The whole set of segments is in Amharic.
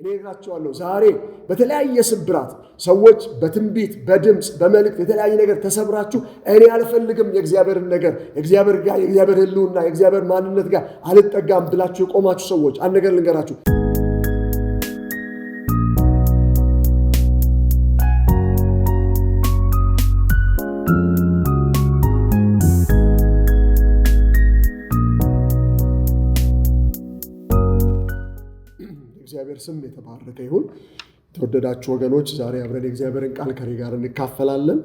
እኔ እግራቸዋለሁ ዛሬ በተለያየ ስብራት ሰዎች በትንቢት በድምፅ በመልእክት የተለያየ ነገር ተሰብራችሁ እኔ አልፈልግም የእግዚአብሔርን ነገር የእግዚአብሔር ጋር የእግዚአብሔር ሕልውና የእግዚአብሔር ማንነት ጋር አልጠጋም ብላችሁ የቆማችሁ ሰዎች አንድ ነገር ልንገራችሁ። ስም የተባረከ ይሁን። የተወደዳችሁ ወገኖች ዛሬ አብረን የእግዚአብሔርን ቃል ከኔ ጋር እንካፈላለን።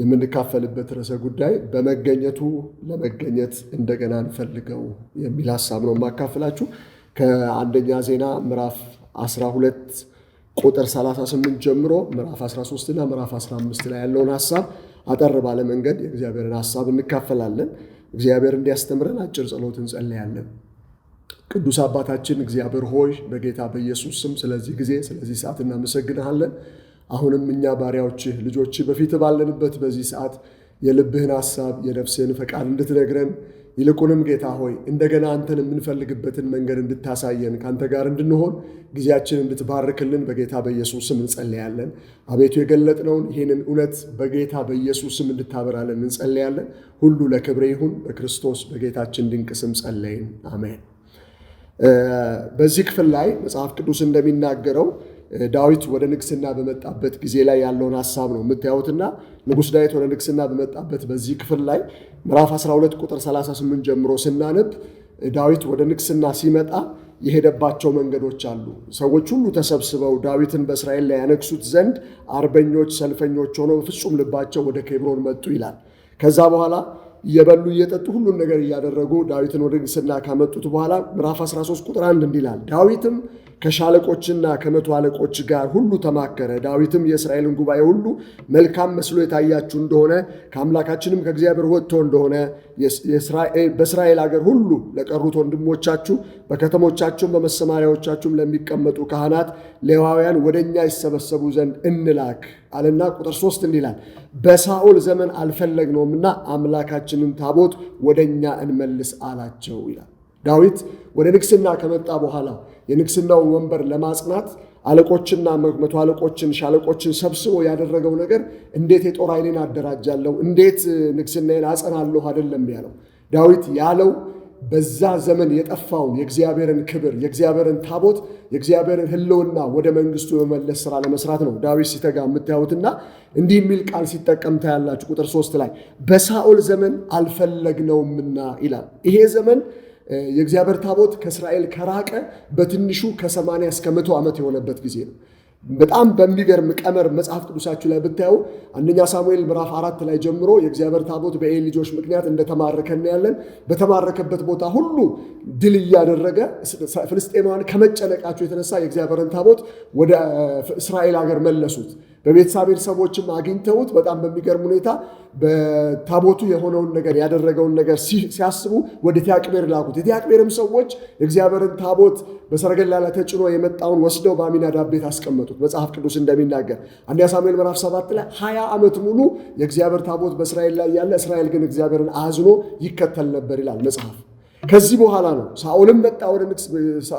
የምንካፈልበት ርዕሰ ጉዳይ በመገኘቱ ለመገኘት እንደገና እንፈልገው የሚል ሀሳብ ነው የማካፍላችሁ ከአንደኛ ዜና ምዕራፍ 12 ቁጥር 38 ጀምሮ ምዕራፍ 13 እና ምዕራፍ 15 ላይ ያለውን ሀሳብ አጠር ባለ መንገድ የእግዚአብሔርን ሀሳብ እንካፈላለን። እግዚአብሔር እንዲያስተምረን አጭር ጸሎት እንጸለያለን። ቅዱስ አባታችን እግዚአብሔር ሆይ በጌታ በኢየሱስ ስም ስለዚህ ጊዜ ስለዚህ ሰዓት እናመሰግንሃለን። አሁንም እኛ ባሪያዎችህ ልጆች በፊት ባለንበት በዚህ ሰዓት የልብህን ሐሳብ የነፍስህን ፈቃድ እንድትነግረን ይልቁንም ጌታ ሆይ እንደገና አንተን የምንፈልግበትን መንገድ እንድታሳየን ከአንተ ጋር እንድንሆን ጊዜያችን እንድትባርክልን በጌታ በኢየሱስ ስም እንጸለያለን። አቤቱ የገለጥነውን ይህንን እውነት በጌታ በኢየሱስ ስም እንድታበራለን እንጸለያለን። ሁሉ ለክብሬ ይሁን። በክርስቶስ በጌታችን ድንቅ ስም ጸለይን፣ አሜን። በዚህ ክፍል ላይ መጽሐፍ ቅዱስ እንደሚናገረው ዳዊት ወደ ንግስና በመጣበት ጊዜ ላይ ያለውን ሀሳብ ነው የምታዩትና ንጉስ ዳዊት ወደ ንግስና በመጣበት በዚህ ክፍል ላይ ምዕራፍ 12 ቁጥር 38 ጀምሮ ስናነብ ዳዊት ወደ ንግስና ሲመጣ የሄደባቸው መንገዶች አሉ። ሰዎች ሁሉ ተሰብስበው ዳዊትን በእስራኤል ላይ ያነግሱት ዘንድ አርበኞች፣ ሰልፈኞች ሆነው በፍጹም ልባቸው ወደ ኬብሮን መጡ ይላል። ከዛ በኋላ እየበሉ እየጠጡ ሁሉን ነገር እያደረጉ ዳዊትን ወደ ንግሥና ካመጡት በኋላ ምዕራፍ 13 ቁጥር 1 እንዲላል ዳዊትም ከሻለቆችና ከመቶ አለቆች ጋር ሁሉ ተማከረ። ዳዊትም የእስራኤልን ጉባኤ ሁሉ መልካም መስሎ የታያችሁ እንደሆነ ከአምላካችንም ከእግዚአብሔር ወጥቶ እንደሆነ በእስራኤል አገር ሁሉ ለቀሩት ወንድሞቻችሁ በከተሞቻችሁም በመሰማሪያዎቻችሁም ለሚቀመጡ ካህናት ሌዋውያን ወደ እኛ ይሰበሰቡ ዘንድ እንላክ አለና ቁጥር ሶስት እንዲላል በሳኦል ዘመን አልፈለግነውምና አምላካችንን ታቦት ወደ እኛ እንመልስ አላቸው ይላል። ዳዊት ወደ ንግስና ከመጣ በኋላ የንግስናውን ወንበር ለማጽናት አለቆችና መቶ አለቆችን ሻለቆችን ሰብስቦ ያደረገው ነገር እንዴት የጦር ኃይሌን አደራጃለሁ፣ እንዴት ንግስናዬን አጸናለሁ አይደለም ያለው። ዳዊት ያለው በዛ ዘመን የጠፋውን የእግዚአብሔርን ክብር፣ የእግዚአብሔርን ታቦት፣ የእግዚአብሔርን ሕልውና ወደ መንግስቱ የመመለስ ስራ ለመስራት ነው ዳዊት ሲተጋ የምታዩትና እንዲህ የሚል ቃል ሲጠቀም ታያላችሁ። ቁጥር ሶስት ላይ በሳኦል ዘመን አልፈለግነውምና ይላል። ይሄ ዘመን የእግዚአብሔር ታቦት ከእስራኤል ከራቀ በትንሹ ከ80 እስከ መቶ ዓመት የሆነበት ጊዜ ነው። በጣም በሚገርም ቀመር መጽሐፍ ቅዱሳችሁ ላይ ብታዩ አንደኛ ሳሙኤል ምዕራፍ አራት ላይ ጀምሮ የእግዚአብሔር ታቦት በኤሊ ልጆች ምክንያት እንደተማረከ እናያለን። በተማረከበት ቦታ ሁሉ ድል እያደረገ ፍልስጤማውያን ከመጨነቃቸው የተነሳ የእግዚአብሔርን ታቦት ወደ እስራኤል ሀገር መለሱት። በቤተሳቤር ሰዎችም አግኝተውት በጣም በሚገርም ሁኔታ በታቦቱ የሆነውን ነገር ያደረገውን ነገር ሲያስቡ ወደ ቲያቅቤር ላኩት። የቲያቅቤርም ሰዎች የእግዚአብሔርን ታቦት በሰረገላ ላይ ተጭኖ የመጣውን ወስደው በአሚናዳብ ቤት አስቀመጡት። መጽሐፍ ቅዱስ እንደሚናገር አንደኛ ሳሙኤል ምዕራፍ ሰባት ላይ ሀያ ዓመት ሙሉ የእግዚአብሔር ታቦት በእስራኤል ላይ ያለ፣ እስራኤል ግን እግዚአብሔርን አዝኖ ይከተል ነበር ይላል መጽሐፍ ከዚህ በኋላ ነው ሳኦልም መጣ ወደ ንግስ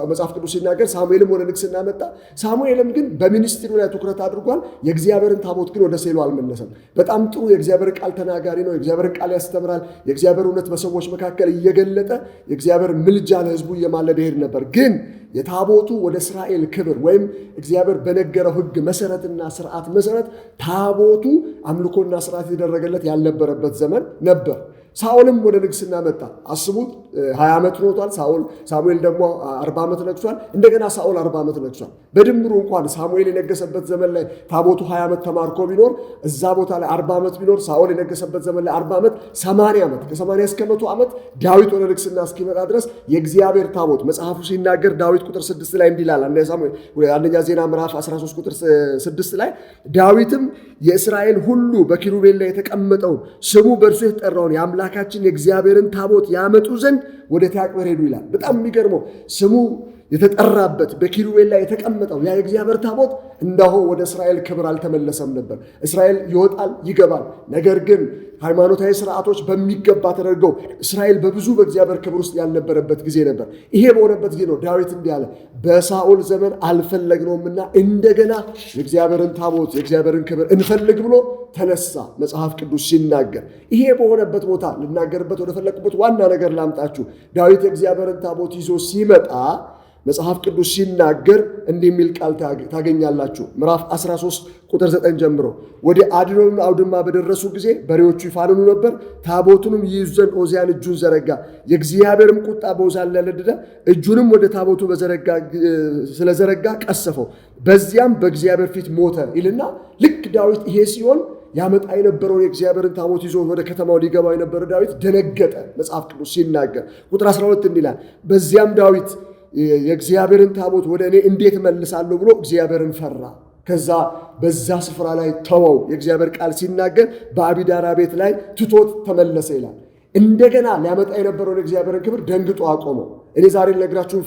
መጽሐፍ ቅዱስ ሲናገር፣ ሳሙኤልም ወደ ንግስና መጣ። ሳሙኤልም ግን በሚኒስትሩ ላይ ትኩረት አድርጓል። የእግዚአብሔርን ታቦት ግን ወደ ሴሎ አልመለሰም። በጣም ጥሩ የእግዚአብሔር ቃል ተናጋሪ ነው። የእግዚአብሔር ቃል ያስተምራል። የእግዚአብሔር እውነት በሰዎች መካከል እየገለጠ የእግዚአብሔር ምልጃ ለህዝቡ እየማለደ ይሄድ ነበር። ግን የታቦቱ ወደ እስራኤል ክብር ወይም እግዚአብሔር በነገረው ህግ መሰረትና ስርዓት መሰረት ታቦቱ አምልኮና ስርዓት የተደረገለት ያልነበረበት ዘመን ነበር። ሳኦልም ወደ ንግስና መጣ። አስቡት፣ 20 ዓመት ኖቷል ሳኦል። ሳሙኤል ደግሞ 40 ዓመት ነግሷል። እንደገና ሳኦል 40 ዓመት ነግሷል። በድምሩ እንኳን ሳሙኤል የነገሰበት ዘመን ላይ ታቦቱ 20 ዓመት ተማርኮ ቢኖር እዛ ቦታ ላይ 40 ዓመት ቢኖር ሳኦል የነገሰበት ዘመን ላይ 40 ዓመት 80 ዓመት ከ80 እስከ መቶ ዓመት ዳዊት ወደ ንግስና እስኪመጣ ድረስ የእግዚአብሔር ታቦት መጽሐፉ ሲናገር ዳዊት ቁጥር 6 ላይ እንዲላል አንደኛ ዜና ምዕራፍ 13 ቁጥር 6 ላይ ዳዊትም የእስራኤል ሁሉ በኪሩቤል ላይ የተቀመጠውን ስሙ በእርሱ የተጠራውን የአምላ የአምላካችን የእግዚአብሔርን ታቦት ያመጡ ዘንድ ወደ ቲያቅበር ሄዱ ይላል። በጣም የሚገርመው ስሙ የተጠራበት በኪሩቤል ላይ የተቀመጠው ያ የእግዚአብሔር ታቦት እንዳሆ ወደ እስራኤል ክብር አልተመለሰም ነበር። እስራኤል ይወጣል ይገባል። ነገር ግን ሃይማኖታዊ ስርዓቶች በሚገባ ተደርገው እስራኤል በብዙ በእግዚአብሔር ክብር ውስጥ ያልነበረበት ጊዜ ነበር። ይሄ በሆነበት ጊዜ ነው ዳዊት እንዲህ አለ፣ በሳኦል ዘመን አልፈለግነውምና እንደገና የእግዚአብሔርን ታቦት የእግዚአብሔርን ክብር እንፈልግ ብሎ ተነሳ መጽሐፍ ቅዱስ ሲናገር። ይሄ በሆነበት ቦታ ልናገርበት ወደፈለግኩበት ዋና ነገር ላምጣችሁ። ዳዊት የእግዚአብሔርን ታቦት ይዞ ሲመጣ መጽሐፍ ቅዱስ ሲናገር እንዲህ የሚል ቃል ታገኛላችሁ። ምዕራፍ 13 ቁጥር 9 ጀምሮ ወደ አድኖን አውድማ በደረሱ ጊዜ በሬዎቹ ይፋልኑ ነበር፣ ታቦቱንም ይይዙ ዘንድ ኦዚያን እጁን ዘረጋ። የእግዚአብሔርም ቁጣ በኦዚያን ላይ ነደደ፣ እጁንም ወደ ታቦቱ ስለዘረጋ ቀሰፈው፣ በዚያም በእግዚአብሔር ፊት ሞተ ይልና ልክ ዳዊት ይሄ ሲሆን ያመጣ የነበረውን የእግዚአብሔርን ታቦት ይዞ ወደ ከተማው ሊገባው የነበረ ዳዊት ደነገጠ። መጽሐፍ ቅዱስ ሲናገር ቁጥር 12 እንዲላል በዚያም ዳዊት የእግዚአብሔርን ታቦት ወደ እኔ እንዴት መልሳለሁ ብሎ እግዚአብሔርን ፈራ። ከዛ በዛ ስፍራ ላይ ተወው። የእግዚአብሔር ቃል ሲናገር በአቢዳራ ቤት ላይ ትቶት ተመለሰ ይላል። እንደገና ሊያመጣ የነበረውን የእግዚአብሔርን ክብር ደንግጦ አቆመው። እኔ ዛሬ ልነግራችሁ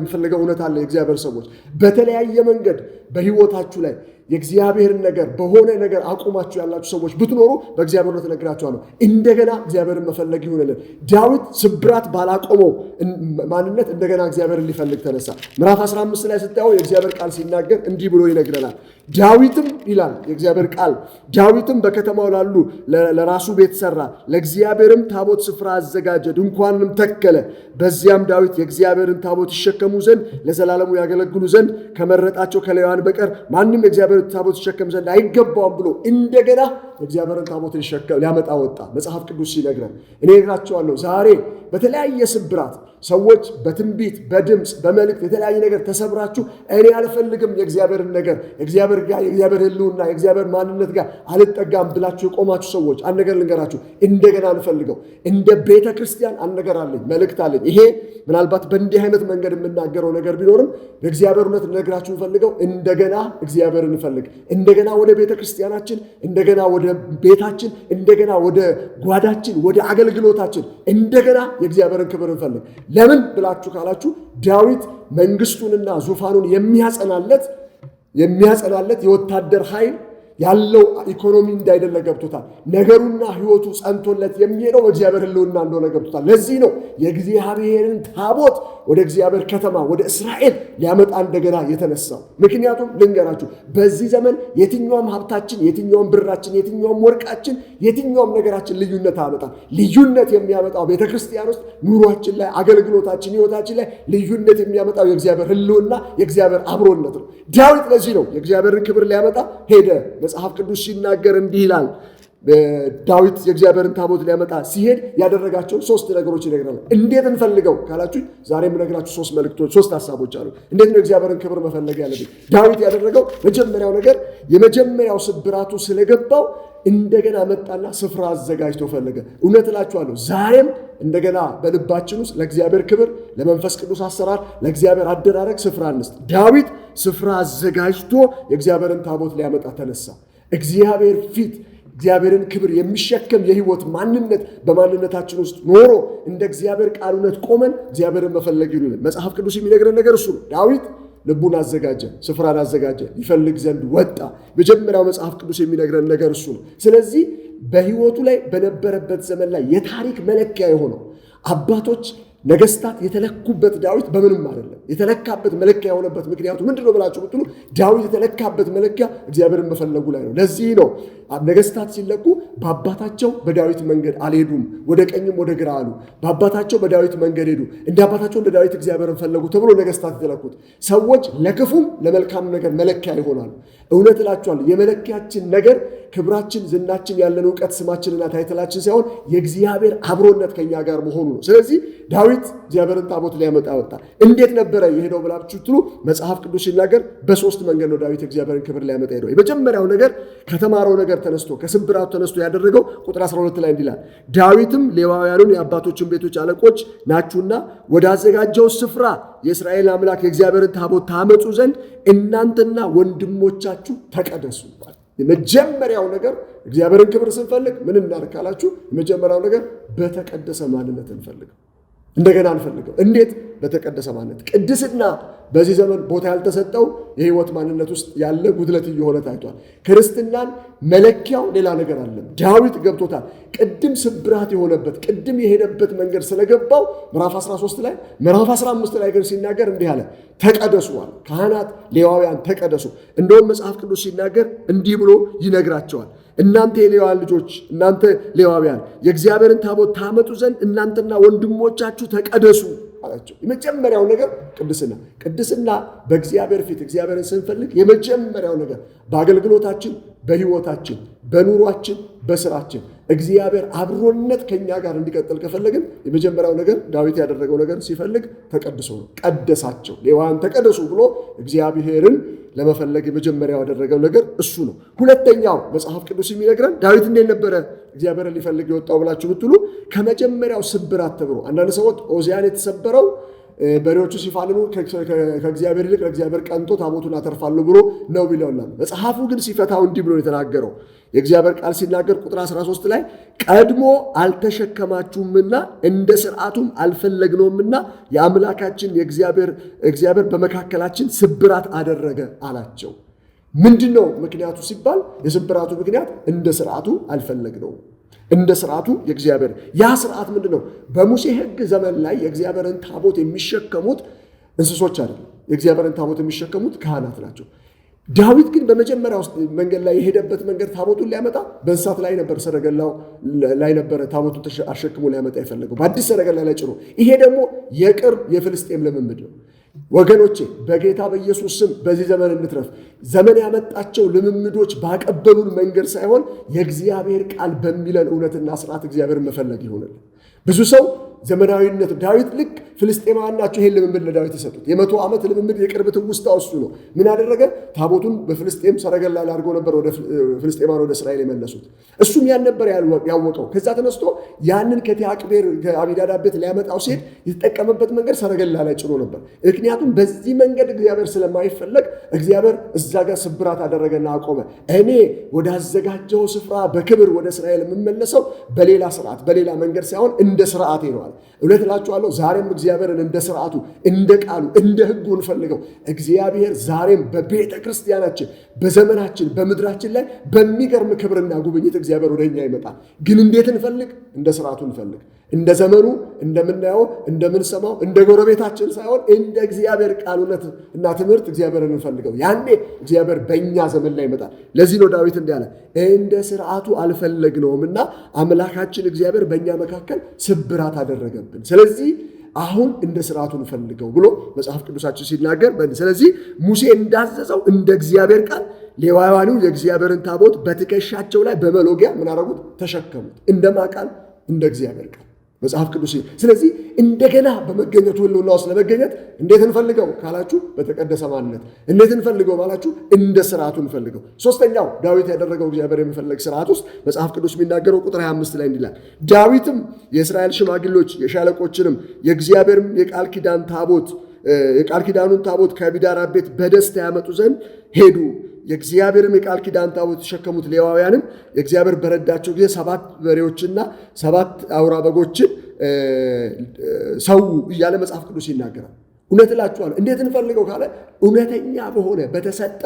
የምፈልገው እውነት አለ። የእግዚአብሔር ሰዎች በተለያየ መንገድ በህይወታችሁ ላይ የእግዚአብሔርን ነገር በሆነ ነገር አቁማችሁ ያላችሁ ሰዎች ብትኖሩ በእግዚአብሔር ነው ተነግራችኋለሁ። እንደገና እግዚአብሔርን መፈለግ ይሆንልን። ዳዊት ስብራት ባላቆመው ማንነት እንደገና እግዚአብሔርን ሊፈልግ ተነሳ። ምዕራፍ 15 ላይ ስታየው የእግዚአብሔር ቃል ሲናገር እንዲህ ብሎ ይነግረናል። ዳዊትም ይላል የእግዚአብሔር ቃል፣ ዳዊትም በከተማው ላሉ ለራሱ ቤት ሰራ፣ ለእግዚአብሔርም ታቦት ስፍራ አዘጋጀ፣ ድንኳንም ተከለ። በዚያም ዳዊት የእግዚአብሔርን ታቦት ይሸከሙ ዘንድ ለዘላለሙ ያገለግሉ ዘንድ ከመረጣቸው ከሌዋን በቀር ማንም የእግዚአብሔር የእግዚአብሔር ታቦት ይሸከም ዘንድ አይገባውም ብሎ እንደገና እግዚአብሔርን ታቦት ሊያመጣ ወጣ። መጽሐፍ ቅዱስ ሲነግረን እኔ እግራቸዋለሁ። ዛሬ በተለያየ ስብራት ሰዎች በትንቢት፣ በድምፅ፣ በመልእክት የተለያየ ነገር ተሰብራችሁ እኔ አልፈልግም የእግዚአብሔርን ነገር እግዚአብሔር ጋር የእግዚአብሔር ሕልውና የእግዚአብሔር ማንነት ጋር አልጠጋም ብላችሁ የቆማችሁ ሰዎች አንድ ነገር ልንገራችሁ። እንደገና አንፈልገው እንደ ቤተ ክርስቲያን አንድ ነገር አለኝ፣ መልእክት አለኝ። ይሄ ምናልባት በእንዲህ አይነት መንገድ የምናገረው ነገር ቢኖርም በእግዚአብሔር እውነት ልነግራችሁ እንፈልገው እንደገና እግዚአብሔር እንፈልገው የሚያስፈልግ እንደገና ወደ ቤተ ክርስቲያናችን፣ እንደገና ወደ ቤታችን፣ እንደገና ወደ ጓዳችን፣ ወደ አገልግሎታችን እንደገና የእግዚአብሔርን ክብር እንፈልግ። ለምን ብላችሁ ካላችሁ ዳዊት መንግስቱንና ዙፋኑን የሚያጸናለት የሚያጸናለት የወታደር ኃይል ያለው ኢኮኖሚ እንዳይደለ ገብቶታል። ነገሩና ህይወቱ ጸንቶለት የሚሄደው በእግዚአብሔር ህልውና እንደሆነ ገብቶታል። ለዚህ ነው የእግዚአብሔርን ታቦት ወደ እግዚአብሔር ከተማ ወደ እስራኤል ሊያመጣ እንደገና የተነሳው። ምክንያቱም ልንገራችሁ፣ በዚህ ዘመን የትኛውም ሀብታችን፣ የትኛውም ብራችን፣ የትኛውም ወርቃችን፣ የትኛውም ነገራችን ልዩነት አያመጣም። ልዩነት የሚያመጣው ቤተክርስቲያን ውስጥ ኑሯችን ላይ፣ አገልግሎታችን፣ ህይወታችን ላይ ልዩነት የሚያመጣው የእግዚአብሔር ህልውና የእግዚአብሔር አብሮነት ነው። ዳዊት ለዚህ ነው የእግዚአብሔርን ክብር ሊያመጣ ሄደ። መጽሐፍ ቅዱስ ሲናገር እንዲህ ይላል ዳዊት የእግዚአብሔርን ታቦት ሊያመጣ ሲሄድ ያደረጋቸው ሶስት ነገሮች ይነግራል። እንዴት እንፈልገው ካላችሁ ዛሬ የምነግራችሁ ሶስት መልክቶች፣ ሶስት ሀሳቦች አሉ። እንዴት ነው የእግዚአብሔርን ክብር መፈለግ ያለብን? ዳዊት ያደረገው መጀመሪያው ነገር የመጀመሪያው ስብራቱ ስለገባው እንደገና መጣና ስፍራ አዘጋጅቶ ፈለገ። እውነት እላችኋለሁ ዛሬም እንደገና በልባችን ውስጥ ለእግዚአብሔር ክብር፣ ለመንፈስ ቅዱስ አሰራር፣ ለእግዚአብሔር አደራረግ ስፍራ እንስጥ። ዳዊት ስፍራ አዘጋጅቶ የእግዚአብሔርን ታቦት ሊያመጣ ተነሳ። እግዚአብሔር ፊት እግዚአብሔርን ክብር የሚሸከም የህይወት ማንነት በማንነታችን ውስጥ ኖሮ እንደ እግዚአብሔር ቃል እውነት ቆመን እግዚአብሔርን መፈለግ ይሉ መጽሐፍ ቅዱስ የሚነግረን ነገር እሱ ነው። ዳዊት ልቡን አዘጋጀ፣ ስፍራን አዘጋጀ፣ ይፈልግ ዘንድ ወጣ። መጀመሪያው መጽሐፍ ቅዱስ የሚነግረን ነገር እሱ ነው። ስለዚህ በህይወቱ ላይ በነበረበት ዘመን ላይ የታሪክ መለኪያ የሆነው አባቶች ነገስታት የተለኩበት ዳዊት በምንም አይደለም። የተለካበት መለኪያ የሆነበት ምክንያቱ ምንድነው ብላችሁ ብትሉ ዳዊት የተለካበት መለኪያ እግዚአብሔርን መፈለጉ ላይ ነው። ለዚህ ነው ነገስታት ሲለቁ በአባታቸው በዳዊት መንገድ አልሄዱም፣ ወደ ቀኝም ወደ ግራ አሉ። በአባታቸው በዳዊት መንገድ ሄዱ፣ እንደ አባታቸው እንደ ዳዊት እግዚአብሔርን ፈለጉ ተብሎ ነገስታት የተለኩት ሰዎች ለክፉም ለመልካም ነገር መለኪያ ይሆናሉ። እውነት እላችኋለሁ የመለኪያችን ነገር ክብራችን፣ ዝናችን፣ ያለን እውቀት፣ ስማችንና ታይትላችን ሳይሆን የእግዚአብሔር አብሮነት ከኛ ጋር መሆኑ ነው። ስለዚህ ዳዊት እግዚአብሔርን ታቦት ሊያመጣ ወጣ። እንዴት ነበረ የሄደው ብላችሁ ትሉ መጽሐፍ ቅዱስ ሲናገር በሶስት መንገድ ነው ዳዊት እግዚአብሔርን ክብር ሊያመጣ ሄደው። የመጀመሪያው ነገር ከተማረው ነገር ተነስቶ ከስብራቱ ተነስቶ ያደረገው ቁጥር 12 ላይ እንዲላል ዳዊትም ሌዋውያኑን የአባቶችን ቤቶች አለቆች ናችሁና ወዳዘጋጀው ስፍራ የእስራኤል አምላክ የእግዚአብሔርን ታቦት ታመፁ ዘንድ እናንተና ወንድሞቻችሁ ተቀደሱ። የመጀመሪያው ነገር እግዚአብሔርን ክብር ስንፈልግ ምን እናርካላችሁ? የመጀመሪያው ነገር በተቀደሰ ማንነት እንፈልገው። እንደገና አንፈልገው። እንዴት? በተቀደሰ ማንነት። ቅድስና በዚህ ዘመን ቦታ ያልተሰጠው የህይወት ማንነት ውስጥ ያለ ጉድለት እየሆነ ታይቷል። ክርስትናን መለኪያው ሌላ ነገር አለም። ዳዊት ገብቶታል። ቅድም ስብራት የሆነበት ቅድም የሄደበት መንገድ ስለገባው ምዕራፍ 13 ላይ ምዕራፍ 15 ላይ ግን ሲናገር እንዲህ አለ፣ ተቀደሱ አለ። ካህናት ሌዋውያን ተቀደሱ። እንደውም መጽሐፍ ቅዱስ ሲናገር እንዲህ ብሎ ይነግራቸዋል እናንተ የሌዋ ልጆች እናንተ ሌዋውያን የእግዚአብሔርን ታቦት ታመጡ ዘንድ እናንተና ወንድሞቻችሁ ተቀደሱ አላቸው። የመጀመሪያው ነገር ቅድስና። ቅድስና በእግዚአብሔር ፊት እግዚአብሔርን ስንፈልግ የመጀመሪያው ነገር በአገልግሎታችን በህይወታችን፣ በኑሯችን፣ በስራችን እግዚአብሔር አብሮነት ከኛ ጋር እንዲቀጥል ከፈለግን የመጀመሪያው ነገር ዳዊት ያደረገው ነገር ሲፈልግ ተቀድሶ ነው። ቀደሳቸው፣ ሌዋን ተቀደሱ ብሎ እግዚአብሔርን ለመፈለግ የመጀመሪያው ያደረገው ነገር እሱ ነው። ሁለተኛው መጽሐፍ ቅዱስ የሚነግረን ዳዊት እንዴት ነበረ እግዚአብሔርን ሊፈልግ የወጣው ብላችሁ ብትሉ ከመጀመሪያው ስብራት ተብሎ አንዳንድ ሰዎች ኦዚያን የተሰበረው በሬዎቹ ሲፋልሙ ከእግዚአብሔር ይልቅ ለእግዚአብሔር ቀንቶ ታቦቱን አተርፋለሁ ብሎ ነው ቢለውላል። መጽሐፉ ግን ሲፈታው እንዲህ ብሎ የተናገረው የእግዚአብሔር ቃል ሲናገር ቁጥር 13 ላይ ቀድሞ አልተሸከማችሁምና እንደ ስርዓቱም አልፈለግነውምና የአምላካችን የእግዚአብሔር በመካከላችን ስብራት አደረገ አላቸው። ምንድን ነው ምክንያቱ ሲባል የስብራቱ ምክንያት እንደ ስርዓቱ አልፈለግነውም እንደ ስርዓቱ የእግዚአብሔር ያ ስርዓት ምንድን ነው? በሙሴ ሕግ ዘመን ላይ የእግዚአብሔርን ታቦት የሚሸከሙት እንስሶች አይደለም። የእግዚአብሔርን ታቦት የሚሸከሙት ካህናት ናቸው። ዳዊት ግን በመጀመሪያ ውስጥ መንገድ ላይ የሄደበት መንገድ ታቦቱን ሊያመጣ በእንስሳት ላይ ነበር፣ ሰረገላው ላይ ነበረ ታቦቱን አሸክሞ ሊያመጣ የፈለገው በአዲስ ሰረገላ ላይ ጭኖ። ይሄ ደግሞ የቅርብ የፍልስጤም ልምምድ ነው። ወገኖቼ በጌታ በኢየሱስ ስም በዚህ ዘመን እንትረፍ። ዘመን ያመጣቸው ልምምዶች ባቀበሉን መንገድ ሳይሆን የእግዚአብሔር ቃል በሚለን እውነትና ስርዓት እግዚአብሔር መፈለግ ይሆንልን። ብዙ ሰው ዘመናዊነቱ ዳዊት ልክ ፍልስጤማውያን ናቸው ይሄን ልምምድ ለዳዊት የሰጡት። የመቶ ዓመት ልምምድ የቅርብ ትውስታ እሱ ነው። ምን አደረገ? ታቦቱን በፍልስጤም ሰረገላ ላይ አድርጎ ነበር ወደ ፍልስጤማን ወደ እስራኤል የመለሱት። እሱም ያን ነበር ያወቀው። ከዛ ተነስቶ ያንን ከቲያቅቤር ከአቢዳዳ ቤት ሊያመጣው ሲሄድ የተጠቀመበት መንገድ ሰረገላ ላይ ጭኖ ነበር። ምክንያቱም በዚህ መንገድ እግዚአብሔር ስለማይፈለግ እግዚአብሔር እዛ ጋር ስብራት አደረገና አቆመ። እኔ ወዳዘጋጀው ስፍራ በክብር ወደ እስራኤል የምመለሰው በሌላ ስርዓት በሌላ መንገድ ሳይሆን እንደ ስርዓቴ ነዋል ይላል። እውነት እላችኋለሁ ዛሬም እግዚአብሔርን እንደ ስርዓቱ፣ እንደ ቃሉ፣ እንደ ህጉ እንፈልገው። እግዚአብሔር ዛሬም በቤተ ክርስቲያናችን፣ በዘመናችን፣ በምድራችን ላይ በሚገርም ክብርና ጉብኝት እግዚአብሔር ወደኛ ይመጣል። ግን እንዴት እንፈልግ? እንደ ስርዓቱ እንፈልግ። እንደ ዘመኑ እንደምናየው እንደምንሰማው እንደ ጎረቤታችን ሳይሆን እንደ እግዚአብሔር ቃል እውነት እና ትምህርት እግዚአብሔር እንፈልገው። ያኔ እግዚአብሔር በእኛ ዘመን ላይ ይመጣል። ለዚህ ነው ዳዊት እንዲህ አለ፣ እንደ ስርዓቱ አልፈለግነውም እና አምላካችን እግዚአብሔር በእኛ መካከል ስብራት አደረገብን። ስለዚህ አሁን እንደ ስርዓቱ እንፈልገው ብሎ መጽሐፍ ቅዱሳችን ሲናገር፣ ስለዚህ ሙሴ እንዳዘዘው እንደ እግዚአብሔር ቃል ሌዋውያኑ የእግዚአብሔርን ታቦት በትከሻቸው ላይ በመሎጊያ ምን አደረጉት? ተሸከሙት። እንደማ ቃል እንደ እግዚአብሔር ቃል መጽሐፍ ቅዱስ። ስለዚህ እንደገና በመገኘቱ ህልውና ውስጥ ለመገኘት እንዴት እንፈልገው ካላችሁ በተቀደሰ ማንነት፣ እንዴት እንፈልገው ካላችሁ እንደ ስርዓቱ እንፈልገው። ሶስተኛው ዳዊት ያደረገው እግዚአብሔር የሚፈለግ ስርዓት ውስጥ መጽሐፍ ቅዱስ የሚናገረው ቁጥር 25 ላይ እንዲላል ዳዊትም የእስራኤል ሽማግሎች የሻለቆችንም የእግዚአብሔርም የቃል ኪዳን ታቦት የቃል ኪዳኑን ታቦት ከቢዳራ ቤት በደስታ ያመጡ ዘንድ ሄዱ። የእግዚአብሔርም የቃል ኪዳን ታቦት የተሸከሙት ሌዋውያንም የእግዚአብሔር በረዳቸው ጊዜ ሰባት በሬዎችና ሰባት አውራ በጎችን ሰው እያለ መጽሐፍ ቅዱስ ይናገራል። እውነት እላችኋለሁ። እንዴት እንፈልገው ካለ እውነተኛ በሆነ በተሰጠ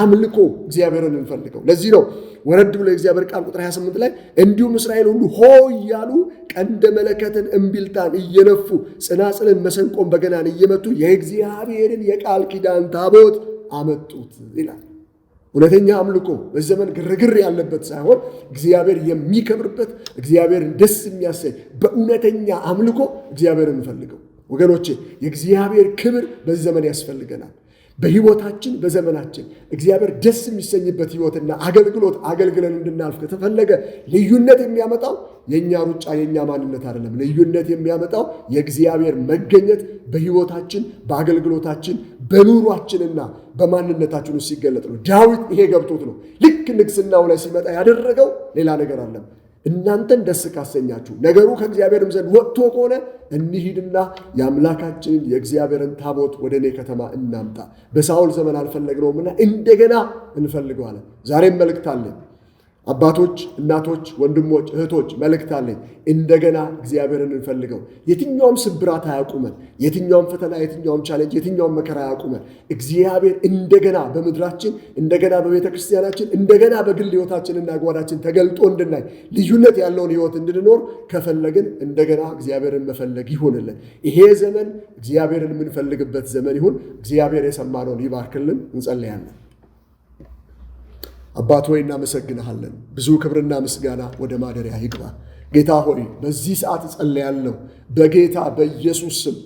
አምልኮ እግዚአብሔርን እንፈልገው። ለዚህ ነው ወረድ ብሎ የእግዚአብሔር ቃል ቁጥር 28 ላይ እንዲሁም እስራኤል ሁሉ ሆ እያሉ ቀንደ መለከትን፣ እምቢልታን እየነፉ ጽናጽልን፣ መሰንቆን፣ በገናን እየመቱ የእግዚአብሔርን የቃል ኪዳን ታቦት አመጡት ይላል። እውነተኛ አምልኮ በዘመን ግርግር ያለበት ሳይሆን እግዚአብሔር የሚከብርበት እግዚአብሔርን ደስ የሚያሰኝ በእውነተኛ አምልኮ እግዚአብሔርን እንፈልገው። ወገኖቼ የእግዚአብሔር ክብር በዚህ ዘመን ያስፈልገናል። በህይወታችን በዘመናችን እግዚአብሔር ደስ የሚሰኝበት ህይወትና አገልግሎት አገልግለን እንድናልፍ ከተፈለገ ልዩነት የሚያመጣው የእኛ ሩጫ የእኛ ማንነት አይደለም። ልዩነት የሚያመጣው የእግዚአብሔር መገኘት በህይወታችን በአገልግሎታችን በኑሯችንና በማንነታችን ውስጥ ሲገለጥ ነው። ዳዊት ይሄ ገብቶት ነው። ልክ ንግስናው ላይ ሲመጣ ያደረገው ሌላ ነገር አለም እናንተን ደስ ካሰኛችሁ ነገሩ ከእግዚአብሔርም ዘንድ ወጥቶ ከሆነ እንሂድና የአምላካችንን የእግዚአብሔርን ታቦት ወደ እኔ ከተማ እናምጣ። በሳውል ዘመን አልፈለግነውምና እንደገና እንፈልገዋለን። ዛሬም መልእክት አለን። አባቶች፣ እናቶች፣ ወንድሞች፣ እህቶች መልእክት አለኝ። እንደገና እግዚአብሔርን እንፈልገው። የትኛውም ስብራት አያቁመን፣ የትኛውም ፈተና፣ የትኛውም ቻለንጅ፣ የትኛውም መከራ አያቁመን። እግዚአብሔር እንደገና በምድራችን፣ እንደገና በቤተ ክርስቲያናችን፣ እንደገና በግል ህይወታችንና ጓዳችን ተገልጦ እንድናይ ልዩነት ያለውን ህይወት እንድንኖር ከፈለግን እንደገና እግዚአብሔርን መፈለግ ይሁንልን። ይሄ ዘመን እግዚአብሔርን የምንፈልግበት ዘመን ይሁን። እግዚአብሔር የሰማነውን ይባርክልን። እንጸለያለን። አባት ሆይ እናመሰግንሃለን። ብዙ ክብርና ምስጋና ወደ ማደሪያ ይግባ። ጌታ ሆይ በዚህ ሰዓት እጸልያለሁ በጌታ በኢየሱስ ስም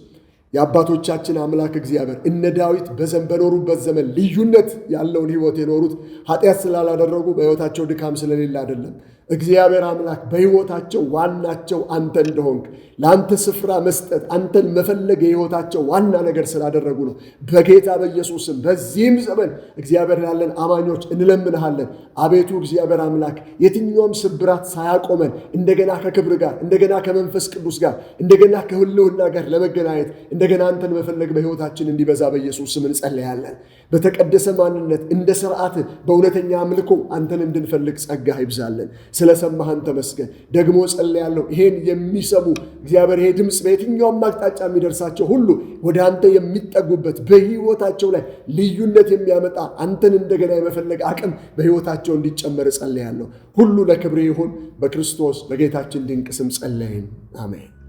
የአባቶቻችን አምላክ እግዚአብሔር እነ ዳዊት በዘን በኖሩበት ዘመን ልዩነት ያለውን ሕይወት የኖሩት ኃጢአት ስላላደረጉ በሕይወታቸው ድካም ስለሌለ አይደለም። እግዚአብሔር አምላክ በሕይወታቸው ዋናቸው አንተ እንደሆንክ ለአንተ ስፍራ መስጠት አንተን መፈለግ የሕይወታቸው ዋና ነገር ስላደረጉ ነው። በጌታ በኢየሱስም በዚህም ዘመን እግዚአብሔር ላለን አማኞች እንለምንሃለን። አቤቱ እግዚአብሔር አምላክ የትኛውም ስብራት ሳያቆመን እንደገና ከክብር ጋር እንደገና ከመንፈስ ቅዱስ ጋር እንደገና ከሕልውና ጋር ለመገናኘት እንደገና አንተን መፈለግ በሕይወታችን እንዲበዛ በኢየሱስም እንጸለያለን። በተቀደሰ ማንነት እንደ ስርዓት በእውነተኛ አምልኮ አንተን እንድንፈልግ ጸጋ ይብዛለን። ስለሰማህን ተመስገን። ደግሞ ጸልያለሁ፣ ይሄን የሚሰሙ እግዚአብሔር ይሄ ድምፅ በየትኛውም አቅጣጫ የሚደርሳቸው ሁሉ ወደ አንተ የሚጠጉበት በህይወታቸው ላይ ልዩነት የሚያመጣ አንተን እንደገና የመፈለግ አቅም በህይወታቸው እንዲጨመር ጸልያለሁ። ሁሉ ለክብሬ ይሁን። በክርስቶስ በጌታችን ድንቅ ስም ጸለይን፣ አሜን።